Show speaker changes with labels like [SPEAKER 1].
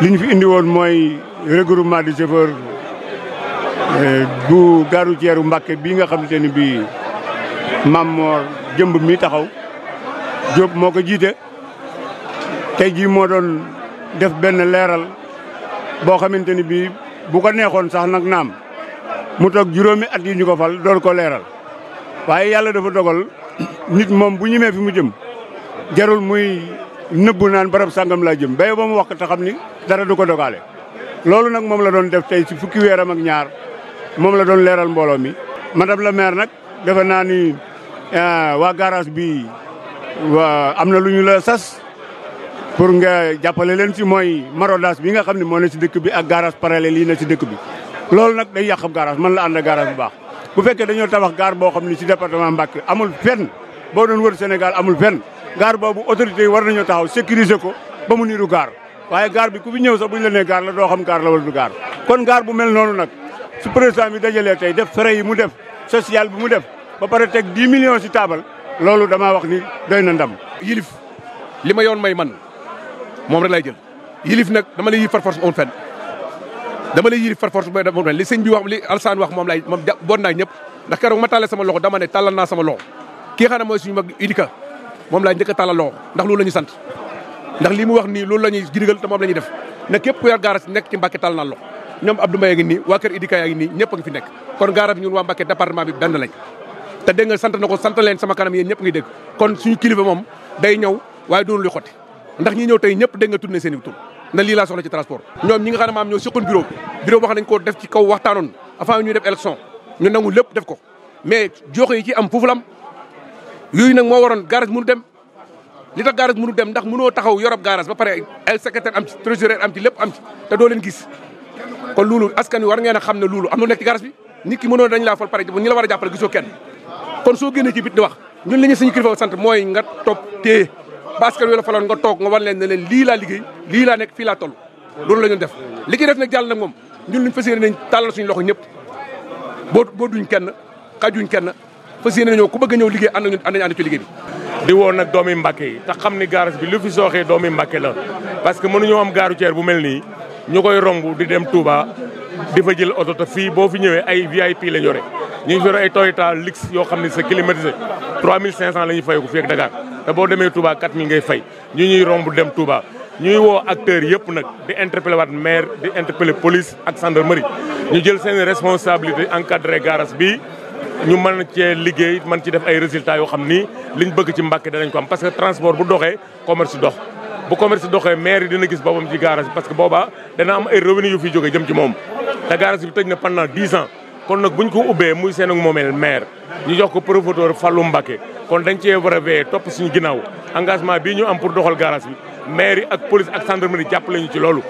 [SPEAKER 1] li ñu fi indi woon mooy regroupement de chauffeur euh, bu gare routière Mbacké bii nga xamante ni bii Mame jëmb mi taxaw Diop moo ko jiite tey jii moo doon def benn leeral boo xamante ni bii bu ko neexoon sax nag naam mu toog juróomi at yi ñu ko fal doon ko leeral waaye yàlla dafa dogal nit moom bu ñemee fi mu jëm jarul muy nëbbu naan barab sàngam laa jëm béyo ba mu wax ko xam ni dara du ko dogale loolu nag moom la doon def tey si fukki weeram ak ñaar moom la doon leeral mbooloo mi. madame la meer nag defe naa ni euh, waa garage bi am na lu ñu la sas pour nga jàppale leen si mooy marodage bi nga xam ni moo ne si dëkk bi ak garage parallèle yi ne dëkk bi. loolu nag day yàqam garaas man la ànd ak garage bu baax bu fekkee dañoo tabax gaar boo xam ni si département Mbacké amul fenn boo doon wër Sénégal amul fenn gaar boobu autorités yi war nañoo taxaw sécuriser ko ba mu niiru gaar. waaye gaar bi ku fi ñëw sax bu ñu la nee gaar la doo xam gaar la wala kon gaar bu mel noonu nag su président bi dajalee tey def frais yi mu def social bi mu def ba pare teg 10 millions si taabal loolu damaa wax ni doy na ndam. yilif li ma yoon may man moom rek lay jël yilif nag
[SPEAKER 2] dama lay yilif par force amul dama lay yilif par force amul fenn li sëñ bi wax li Alsaan wax moom lay moom ja boon naa ñëpp ndax keroog ma taale sama loxo dama ne tàllal naa sama loo kii xam ne mooy suñu mag idika moom laay njëkk a ndax loolu la ñu sant. ndax li mu wax nii loolu la ñuy digal te moom def na képp ku yor nekk ci Mbàkke tal naa ñoom Abdou Mbaye a ngi nii waa kër Idika yaa ngi ñëpp a ngi fi nekk kon gaara bi ñun waa Mbàkke département bi benn lañ te dégg nga sant na ko sant leen sama kanam yéen ñëpp ngi dégg kon suñu kilifa moom day ñëw waaye doonu luy xotti ndax ñi ñëw tey ñëpp dégg nga ne seen i tur na lii laa soxla ci transport ñoom ñi nga xam ne maam ñoo siqoon bureau bureau boo xam ne dañ koo def ci kaw waxtaanoon ko mais joxe yi ci am foofu la yooyu nag moo waroon garage mënu dem li tax garage mënu dem ndax mënoo taxaw yorob garage ba pare ay secrétaire am ci trésorier am ci lépp am ci te doo leen gis kon loolu askan wi war ngeen a xam ne loolu am lu nekk ci bi nit ki mënoo dañ laa fal pare ñi la a jàppale gisoo kenn kon soo génnee ci bit di wax ñun li ñu suñu sant mooy nga topp téye basket wi la faloon nga toog nga wan leen ne leen lii laa liggéey lii laa nekk fii laa toll loolu la ñu def li ci def nag jàll nag moom ñun liñ fas ñëpp boo boo duñ kenn xajuñ kenn fas yéene nañoo ku bëgg a ñëw liggéey ànd nañu ci liggéey di woo
[SPEAKER 3] nag doomi Mbàkke yi te xam ni gaaras bi lu fi sooxee doomi Mbàkke la parce que mënuñoo am gaaru ceer bu mel nii ñu koy romb di dem Touba di fa jël oto te fii boo fi ñëwee ay VIP la yore ñu ngi fi ay Toyota Lux yoo xam ne c'est climatisé 3500 la ñuy fay ko fii ak te boo demee Touba 4000 ngay fay ñu ñuy romb dem Touba. ñuy woo acteurs yëpp nag di interpeller waat maire di interpeller police ak gendarmerie ñu jël seen responsabilité encadré garas bi ñu mën cee liggéey man ci def ay résultat yoo xam ni liñ bëgg ci Mbàkke danañ ko am parce que transport bu doxee commerce dox bu commerce doxee maire yi dina gis boppam ci garage parce que booba dana am ay revenus yu fi jógee jëm ci moom te garage bi tëj na pendant dix ans kon nag buñ ko ubbee muy seen ak moomeel maire ñu jox ko promoteur Fallou Mbacké kon dañ cee war a wee topp suñu ginnaaw engagement bii ñu am pour doxal garage bi maire yi ak police ak gendarmerie jàppale ñu ci loolu